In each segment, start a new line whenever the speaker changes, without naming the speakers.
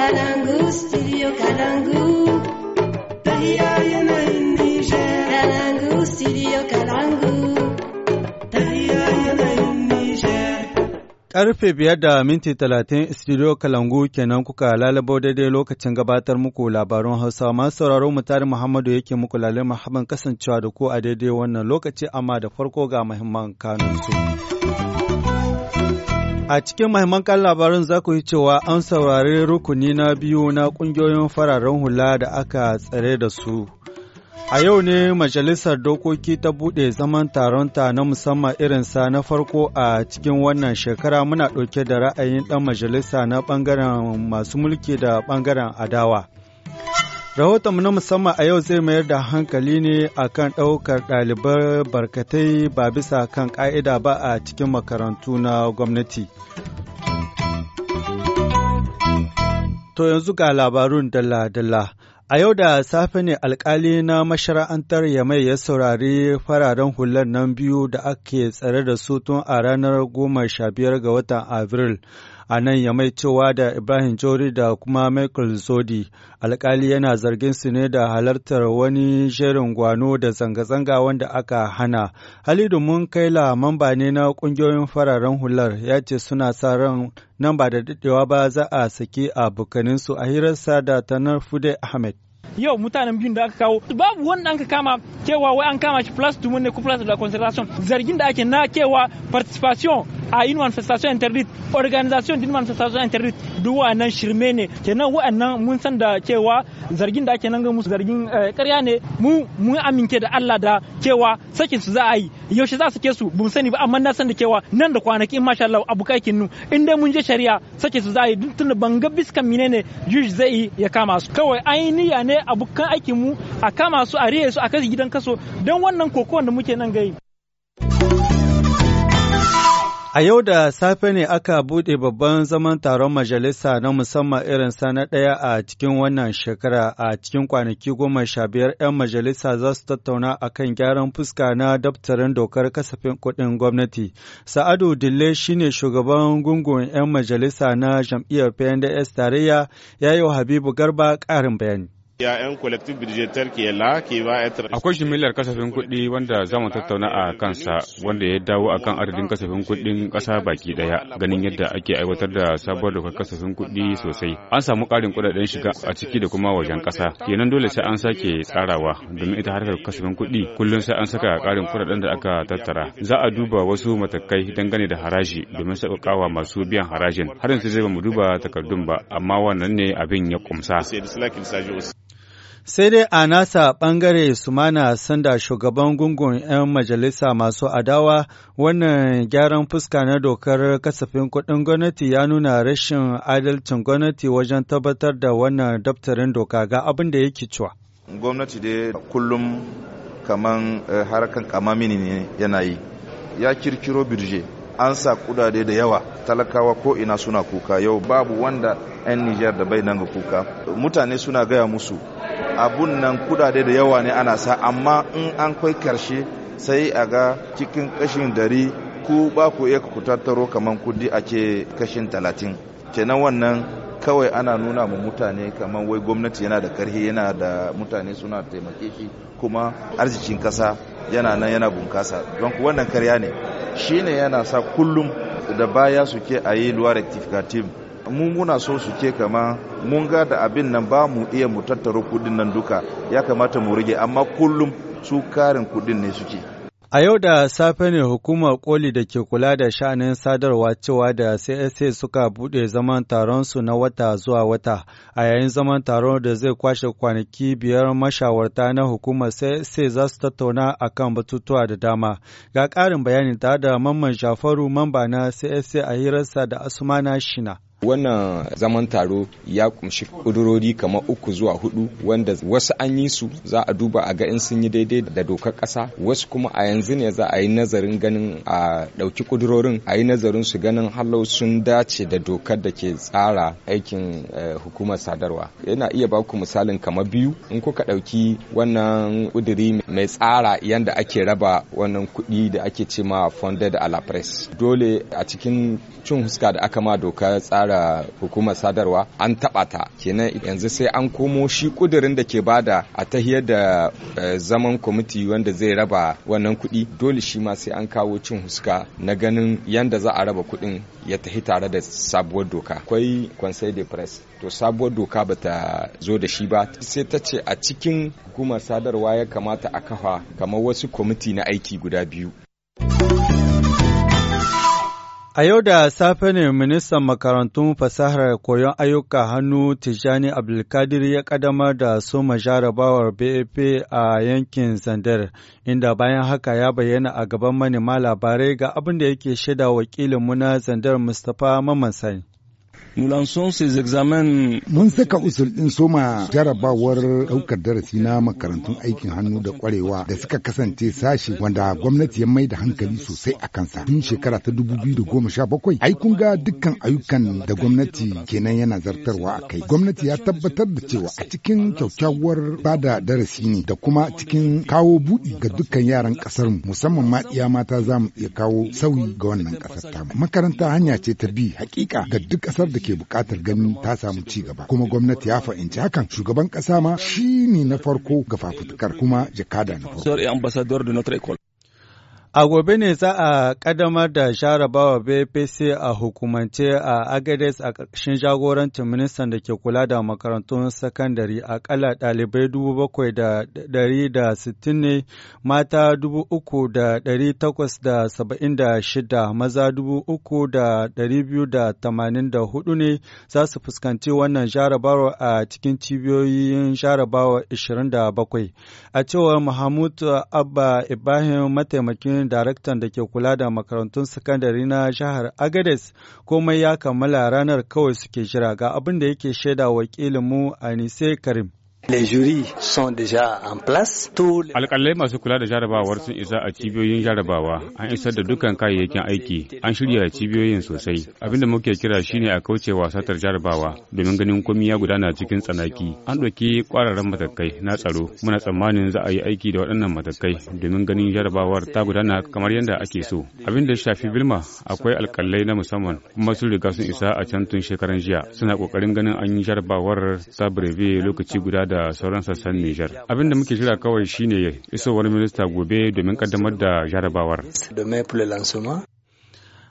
Kalangu, studio Kalangu. Tahiya
Kalangu, studio Kalangu. Tahiya
Karfe biyar da minti talatin studio Kalangu kenan kuka lalabo daidai lokacin gabatar muku labarun Hausa masu sauraro mu Muhammadu yake muku lalai Muhammad kasancewa da ku a daidai wannan lokaci amma da farko ga muhimman kanunsu. A cikin mahimman kan labarin za ku yi cewa an saurari rukuni na biyu na ƙungiyoyin fararen hula da aka tsare da su. A yau ne Majalisar Dokoki ta buɗe zaman taronta na musamman irin sa na farko a cikin wannan shekara muna ɗauke da ra'ayin ɗan majalisa na ɓangaren masu mulki da ɓangaren adawa. Rahoton na musamman a yau zai mayar da hankali ne a kan ɗaukar ɗaliban barkatai ba bisa kan ƙa'ida ba a cikin makarantu na gwamnati. To yanzu ga labarun dalla-dalla. A yau da safe ne alkali na mashara'antar Yamai ya saurari fararen hular nan biyu da ake tsare da su tun a ranar goma sha biyar ga watan Abril a nan ya mai cewa da Ibrahim Jori da kuma Michael Zodi. Alkali yana zargin su ne da halartar wani shirin gwano da zanga-zanga wanda aka hana. Halidu mun kaila mamba ne na ƙungiyoyin fararen hular ya ce suna sa ran nan ba da daɗewa ba za a saki abokaninsu a hirarsa da tanar Fude Ahmed.
yau mutanen biyun da aka kawo babu wanda ka kama cewa wai an kama shi plus tumun ne ko plus da conservation zargin da ake na cewa participation a yin manifestation interdit organisation din manifestation interdit duk wannan shirme ne kenan wa'annan mun san da cewa zargin da ake nan ga musu zargin eh, ƙarya ne mu mun amince da Allah da cewa sakin su za a yi yaushe za su ke su bun sani ba amma na san da cewa nan da kwanaki in masha Allah abu kai nu in dai mun je shari'a sakin su za a yi tun ban ga biskan menene juj zai ya kama su kawai ainiya ne sai abokan aikin mu a kama su a riye su a kai gidan kaso don wannan kokowar da muke nan gai.
A yau da safe ne aka buɗe babban zaman taron majalisa na musamman irin na ɗaya a cikin wannan shekara a cikin kwanaki goma sha biyar 'yan majalisa za su tattauna a kan gyaran fuska na daftarin dokar kasafin kuɗin gwamnati. Sa'adu Dille shine shugaban gungun 'yan majalisa na jam'iyyar PNDS tarayya ya yi wa Habibu Garba ƙarin bayani.
yayan Akwai shimillar kasafin kuɗi wanda za mu tattauna a kansa wanda ya dawo a kan adadin kasafin kuɗin ƙasa baki ɗaya ganin yadda ake aiwatar da sabuwar dokar kasafin kuɗi sosai. An samu ƙarin kuɗaɗen shiga a ciki da kuma wajen ƙasa. Kenan dole sai an sake tsarawa domin ita harkar kasafin kuɗi kullum sai an saka ƙarin kuɗaɗen da aka tattara. Za a duba wasu matakai dangane da haraji domin sauƙaƙawa masu biyan harajin. Har yanzu zai ba mu duba takardun ba amma wannan ne abin ya ƙumsa.
Sai dai a nasa ɓangare mana Sanda shugaban gungun 'yan majalisa masu adawa wannan gyaran fuska na dokar kasafin kuɗin gwamnati ya nuna rashin adalcin gwamnati wajen tabbatar da wannan daftarin doka ga abin da yake cewa.
Gwamnati dai kullum kaman eh, harkan kamamini ne yana yi. Ya kirkiro birje an sa kudade da yawa talakawa ko ina suna kuka yau babu wanda 'yan Nijar da bai nan ga kuka mutane suna gaya musu abun nan kudade da yawa ne ana sa amma in an kai karshe sai a ga cikin kashin dari ku ba ku iya ku tattaro kamar kudi ake kashin talatin kenan wannan kawai ana nuna mu mutane kamar wai gwamnati yana da karhi yana da mutane suna taimake shi kuma arzikin kasa yana nan yana bunkasa don wannan karya ne shine yana sa kullum da baya suke a yi luwa rectificative mun muna so suke kama mun ga da abin nan ba mu iya mu tattara kudin nan duka ya kamata mu rage amma kullum su karin kudin ne suke
A yau da safe ne hukumar koli da ke kula da sha'anin sadarwa cewa da CSA suka buɗe zaman taron su na wata zuwa wata a yayin zaman taron da zai kwashe kwanaki biyar mashawarta na hukumar CSA za su tattauna a kan batutuwa da dama. Ga ƙarin bayani tare da Mamman shafaru mamba na CSA a hirarsa da Asumana Shina.
wannan zaman taro ya kumshi kudurori kamar uku zuwa hudu wanda wasu an yi su za a duba a ga in sun yi daidai da dokar kasa wasu kuma a yanzu ne za a yi nazarin ganin a dauki kudurorin a yi nazarin su ganin halau sun dace da dokar da ke tsara aikin eh, hukumar sadarwa yana iya ba ku misalin kamar biyu in kuka dauki wannan kuduri mai tsara yadda ake raba wannan kuɗi da ake ce ma funded a la press dole a cikin cin huska da aka ma dokar tsara fara hukumar sadarwa an taɓa ta kenan yanzu sai an komo shi kudirin da ke bada a tahiyar da eh, zaman kwamiti wanda zai raba wannan kudi dole shi ma sai an kawo cin huska na ganin yanda za a raba kudin ya tahi tare da sabuwar doka akwai conseil de presse to sabuwar doka ba ta zo da shi ba sai ta ce a cikin hukumar sadarwa ya kamata a kafa kamar wasu kwamiti na aiki guda biyu
A yau da safe ne ministan makarantun fasahar koyon ayyuka hannu Tijjani Abdulkadir ya kadamar da soma jarabawar BAP a yankin Zandar, inda bayan haka ya bayyana a gaban manema labarai ga abin da yake shaida wakilin na Zandar Mustapha Sani.
Mun saka usul ɗin soma jarabawar ɗaukar darasi na makarantun aikin hannu da ƙwarewa da suka kasance sashe wanda gwamnati ya mai da hankali sosai a kansa tun shekara ta bakwai. Ai kun ga dukkan ayyukan da gwamnati kenan yana zartarwa a kai. Gwamnati ya tabbatar da cewa a cikin kyakkyawar bada darasi ne da kuma cikin kawo buɗi ga dukkan yaran mu. musamman ma iya mata zamu iya kawo sauyi ga wannan ƙasar tamu. Makaranta hanya ce ta bi hakika ga duk ƙasar da ke buƙatar ganin ta samu ci gaba kuma gwamnati ya fahimci hakan shugaban ƙasa ma shi ne na farko ga fafutukar kuma jakada na
farko A gobe ne za a ƙaddamar da bawa BPC a hukumance a Agades a ƙarƙashin jagorancin ministan da ke kula da makarantun sakandare akalla ɗalibai dubu bakwai da ɗari da sittin ne, mata dubu uku da ɗari takwas da saba'in da shida, maza dubu uku da ɗari biyu da tamanin da hudu ne za su fuskanci wannan jarabawa a cikin cibiyoyin jarabawa ishirin da bakwai. A cewar Mahamud Abba Ibrahim mataimakin ofishin daraktan da ke kula da makarantun sakandare na jihar Agades komai ya kammala ranar kawai suke jira ga abin da yake shaida wakilinmu Anise Karim.
déjà en place. Alƙalai masu kula da jarabawar sun isa a cibiyoyin jarabawa, an isar da dukkan kayayyakin aiki, an shirya cibiyoyin sosai. Abinda muke kira shine a kauce wa satar jarabawa domin ganin komai ya gudana cikin tsanaki. An ɗauki ƙwararren matakai na tsaro, muna tsammanin za a yi aiki da waɗannan matakai domin ganin jarabawar ta gudana kamar yadda ake so. Abin da shafi Bilma akwai alƙalai na musamman kuma sun riga sun isa a can tun shekaran jiya, suna ƙoƙarin ganin an yi jarabawar ta lokaci guda da da sauran sassan Nijar. Abin da muke jira kawai shine isowar minista gobe domin kaddamar da jarabawar.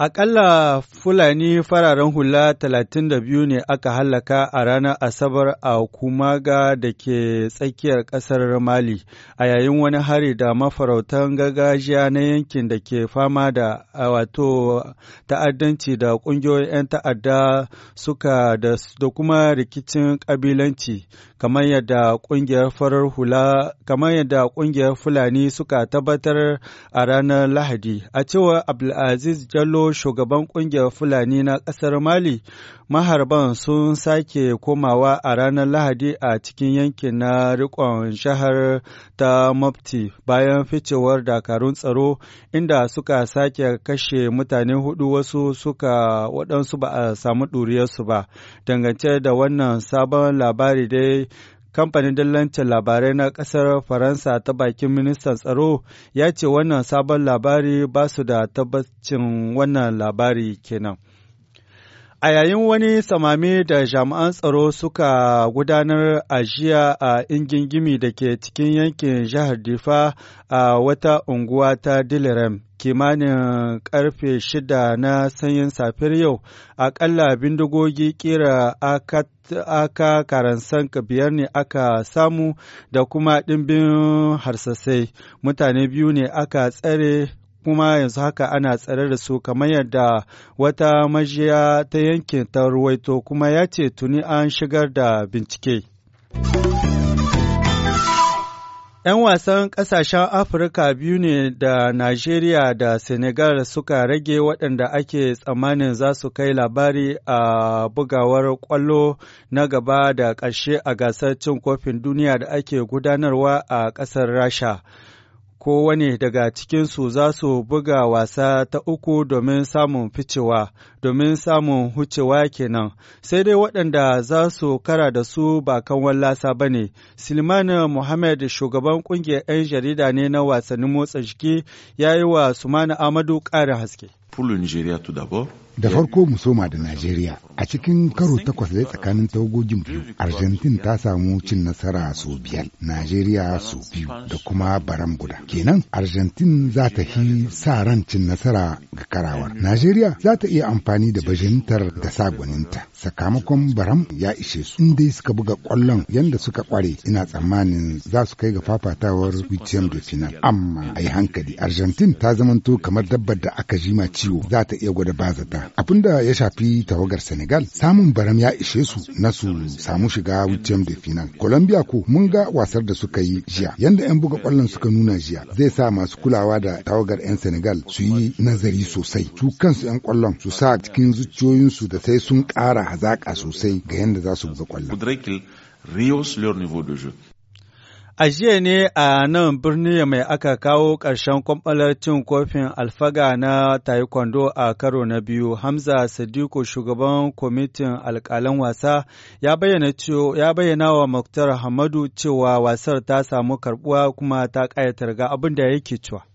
Aƙalla Fulani fararen hula talatin da biyu ne aka hallaka a ranar Asabar a Kumaga da ke tsakiyar ƙasar Mali, a yayin wani hari da mafarautan gargajiya na yankin da ke fama da wato ta'addanci da ƙungiyoyin 'yan ta'adda suka da, kuma rikicin ƙabilanci, kamar yadda ƙungiyar Fulani suka tabbatar a ranar Lahadi. A cewa Abdulaziz Jallo shugaban ƙungiyar Fulani na ƙasar Mali, maharban sun sake komawa a ranar Lahadi a cikin yankin na riƙon shahar ta Mafti bayan ficewar dakarun tsaro inda suka sake kashe mutane hudu wasu suka waɗansu ba a samu ɗuriyarsu ba. Dangance da wannan sabon labari dai Kamfanin dillancin labarai na ƙasar Faransa ta bakin ministan tsaro ya ce wannan sabon labari ba su da tabbacin wannan labari kenan. A yayin wani samami da jami'an tsaro suka gudanar a jiya a ingingimi da ke cikin yankin jihar Difa a wata unguwa ta dilerem kimanin karfe shida na sanyin safiyar yau akalla bindigogi kira aka karansan biyar ne aka samu da kuma ɗimbin harsasai mutane biyu ne aka tsare kuma yanzu haka ana tsare da su kamar yadda wata majiya ta yankin ta ruwaito kuma ya ce tuni an shigar da bincike. ‘Yan wasan ƙasashen Afirka biyu ne da Najeriya da Senegal suka rage waɗanda ake tsammanin za su kai labari a bugawar ƙwallo na gaba da ƙarshe a gasar cin kofin duniya da ake gudanarwa a ƙasar Rasha. kowane daga cikinsu za su buga wasa ta uku domin samun ficewa, domin samun hucewa kenan, sai dai waɗanda za su kara da su ba kan wallasa ba ne. Silman Muhammad shugaban ƙungiyar 'yan jarida ne na wasannin motsa jiki ya yi wa Sumana Amadu ƙarin haske.
Da farko musoma da Najeriya a cikin karo takwas da tsakanin tawagogin biyu, Arjentin ta samu cin nasara sau biyar, Najeriya sau biyu da kuma baram guda. Kenan Arjentin za ta fi sa ran cin nasara ga karawar. Najeriya za ta iya amfani da bajintar da sagwaninta. Sakamakon baram ya ishe su dai suka buga kwallon yadda suka kware ina tsammanin za su kai ga fafatawar Wicem da final. Amma a yi hankali, Arjentin ta zamanto kamar dabbar da aka jima ciwo za ta iya gwada ba zata Abin da ya shafi tawagar Senegal samun baram ya ishe su na su samu shiga wucem de final. Colombia ko mun ga wasar da suka yi jiya yanda 'yan buga kwallon suka nuna jiya zai sa masu kulawa da tawagar 'yan Senegal su yi nazari sosai. Su kansu 'yan kwallon su sa cikin zuciyoyinsu da sai sun kara hazaƙa sosai ga yanda za su buga kwallon.
A jiya ne a nan birni mai aka kawo ƙarshen kwamfalar cin kofin alfaga na taekwondo a karo na biyu. Hamza Sadiku shugaban kwamitin alƙalan wasa ya bayyana wa Muktar Hamadu cewa wasar ta samu karbuwa kuma ta ƙayatar ga abin da yake cewa.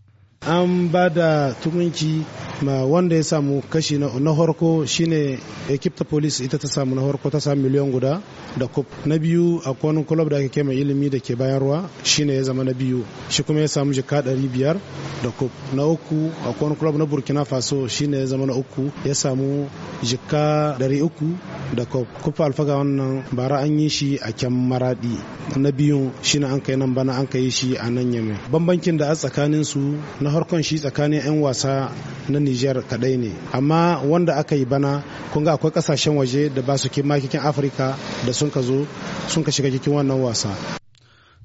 an ba da tukunci ma wanda ya samu kashi na harko shine ekipta police ita ta samu na harko ta samu miliyan guda da kup na biyu a wani kulob da ake kema ilimi da ke bayarwa shine ya zama na biyu shi kuma ya samu jika 500 biyar da kup na uku a wani kulob na burkina faso shine ya zama na uku ya samu jika 300 uku da kup kupa alfaga wannan bara an yi shi a kyan maradi na biyun shine an kai nan bana an kai shi a nan yame bambancin da a tsakanin su na harkon shi tsakanin 'yan wasa na Nijar kadai ne amma wanda aka yi bana kun ga akwai kasashen waje da ba su kimakikin Afirka da sun ka zo sun ka shiga cikin wannan wasa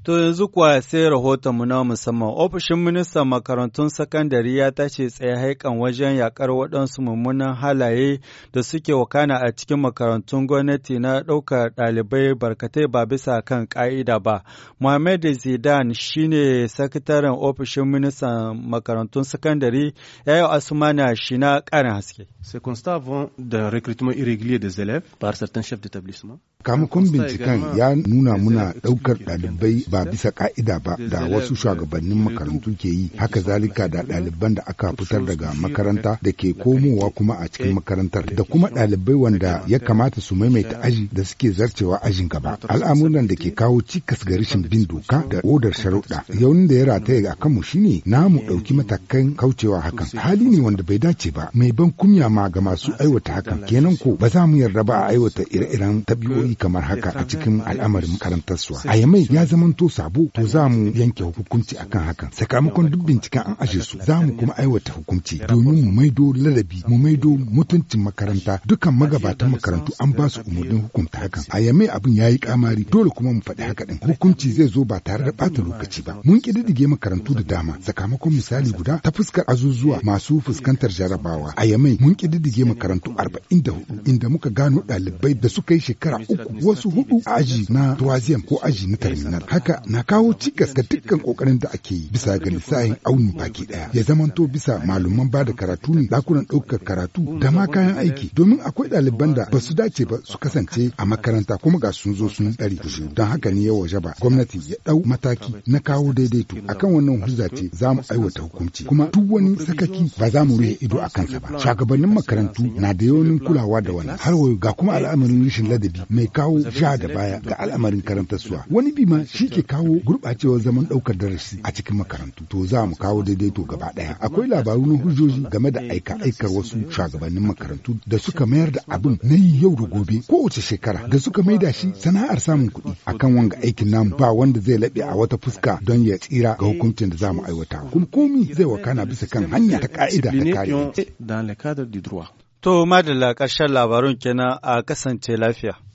To yanzu kuwa sai rahoton mu na musamman ofishin ministan makarantun sakandare ya tashi tsaye haikan wajen yakar waɗansu mummunan halaye da suke wakana a cikin makarantun gwamnati na ɗaukar ɗalibai barkatai ba bisa kan ƙa'ida ba. Muhammad Zidan shine sakataren ofishin ministan makarantun sakandare ya yi asumana shi na ƙarin haske. Ces constats vont d'un recrutement irrégulier des élèves par certains chefs d'établissement.
Kamakon binciken ya nuna muna ɗaukar ɗalibai ba bisa ka'ida ba da wasu shugabannin makarantu ke yi, haka zalika da ɗaliban da aka fitar daga makaranta da ke komowa kuma a cikin makarantar, da kuma ɗalibai wanda ya kamata su maimaita aji da suke zarcewa ajin gaba. Al'amuran da ke kawo cikas ga rashin bin doka da odar sharuɗa. Yaunin da ya rataya a kanmu shine mu ɗauki matakan kaucewa hakan. Hali ne wanda bai dace ba, mai ban kunya ma ga masu aiwata hakan. Kenan ko ba za mu yarda ba a aiwata ire-iren tabi'o'i yi kamar haka a cikin al'amarin su A yamai ya to sabo to za mu yanke hukunci akan hakan. Sakamakon duk binciken an ashe su za mu kuma aiwata hukunci domin mu maido ladabi mu maido mutuncin makaranta dukan magabatan makarantu an ba su umarnin hukunta hakan. A yamai abin ya yi kamari dole kuma mu faɗi haka ɗin. Hukunci zai zo ba tare da ɓata lokaci ba. Mun ƙididdige makarantu da dama sakamakon misali guda ta fuskar azuzuwa masu fuskantar jarabawa. A yamai mun ƙididdige makarantu arba'in da hudu inda muka gano ɗalibai da suka yi shekara uku wasu hudu a aji na tuwaziyam ko aji na terminal haka na kawo cikas ga dukkan kokarin da ake yi bisa ga lissahin auni baki daya ya zamanto bisa malaman ba da karatu ne dakunan ɗaukar karatu da ma kayan aiki domin akwai ɗaliban da ba su dace ba su kasance a makaranta kuma ga sun zo sun ɗari kushe don haka ne ya waje ba gwamnati ya ɗau mataki na kawo daidaito akan wannan hujja ce za mu aiwata hukunci kuma duk wani sakaki ba za mu rufe ido a kansa ba shugabannin makarantu na da yawanin kulawa da wannan har ga kuma al'amarin rashin ladabi mai kawo sha da baya ga al'amarin suwa, wani bi ma shi ke kawo gurɓacewar zaman ɗaukar darasi a cikin makarantu to za mu kawo daidaito gaba ɗaya akwai labaru na hujjoji game da aika aikar wasu shugabannin makarantu da suka mayar da abin na yi yau da gobe kowace shekara da suka maida shi sana'ar samun kuɗi akan wanga aikin nan ba wanda zai laɓe a wata fuska don ya tsira ga hukuncin da za mu aiwata kuma komi zai wakana bisa kan hanya ta ka'ida ta kare.
To madalla ƙarshen labarun kenan a kasance lafiya.